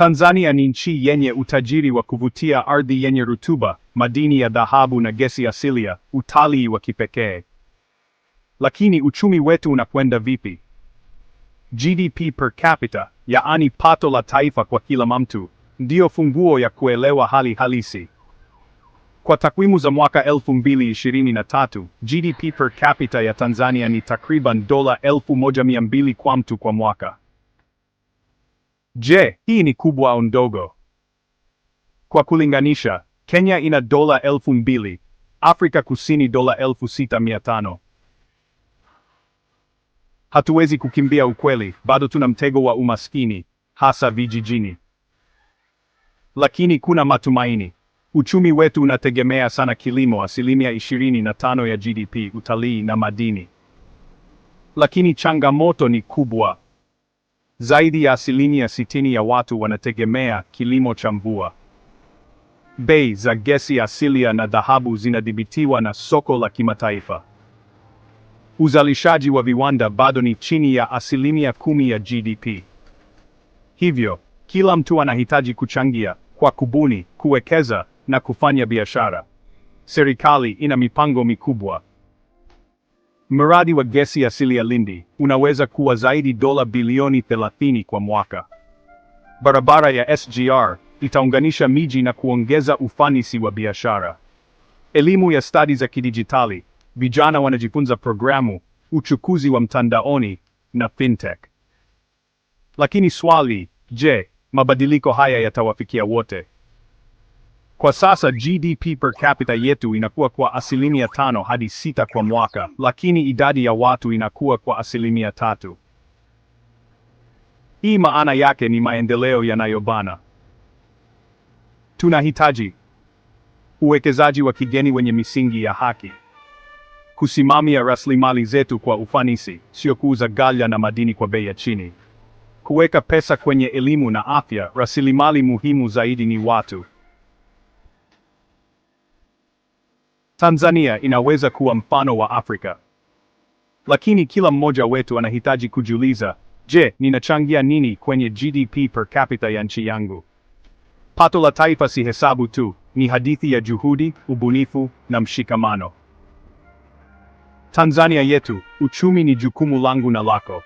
Tanzania ni nchi yenye utajiri wa kuvutia, ardhi yenye rutuba, madini ya dhahabu na gesi asilia, utalii wa kipekee. Lakini uchumi wetu unakwenda vipi? GDP per capita, yaani pato la taifa kwa kila mtu, ndiyo funguo ya kuelewa hali halisi. Kwa takwimu za mwaka 2023, GDP per capita ya Tanzania ni takriban dola 1200 kwa mtu kwa mwaka. Je, hii ni kubwa au ndogo? Kwa kulinganisha, Kenya ina dola elfu mbili, Afrika Kusini dola elfu sita mia tano. Hatuwezi kukimbia ukweli, bado tuna mtego wa umaskini, hasa vijijini. Lakini kuna matumaini. Uchumi wetu unategemea sana kilimo, asilimia ishirini na tano ya GDP, utalii na madini. Lakini changamoto ni kubwa. Zaidi ya asilimia sitini ya watu wanategemea kilimo cha mvua. Bei za gesi asilia na dhahabu zinadhibitiwa na soko la kimataifa. Uzalishaji wa viwanda bado ni chini ya asilimia kumi ya GDP. Hivyo, kila mtu anahitaji kuchangia kwa kubuni, kuwekeza na kufanya biashara. Serikali ina mipango mikubwa Mradi wa gesi asili ya Lindi unaweza kuwa zaidi dola bilioni 30 kwa mwaka. Barabara ya SGR itaunganisha miji na kuongeza ufanisi wa biashara. Elimu ya stadi za kidijitali, vijana wanajifunza programu, uchukuzi wa mtandaoni na fintech. Lakini swali, je, mabadiliko haya yatawafikia wote? Kwa sasa GDP per capita yetu inakuwa kwa asilimia tano hadi sita kwa mwaka, lakini idadi ya watu inakuwa kwa asilimia tatu. Hii maana yake ni maendeleo yanayobana. Tunahitaji uwekezaji wa kigeni wenye misingi ya haki, kusimamia rasilimali zetu kwa ufanisi, sio kuuza galya na madini kwa bei ya chini, kuweka pesa kwenye elimu na afya. Rasilimali muhimu zaidi ni watu. Tanzania inaweza kuwa mfano wa Afrika. Lakini kila mmoja wetu anahitaji kujiuliza, je, ninachangia nini kwenye GDP per capita ya nchi yangu? Pato la taifa si hesabu tu, ni hadithi ya juhudi, ubunifu na mshikamano. Tanzania yetu, uchumi ni jukumu langu na lako.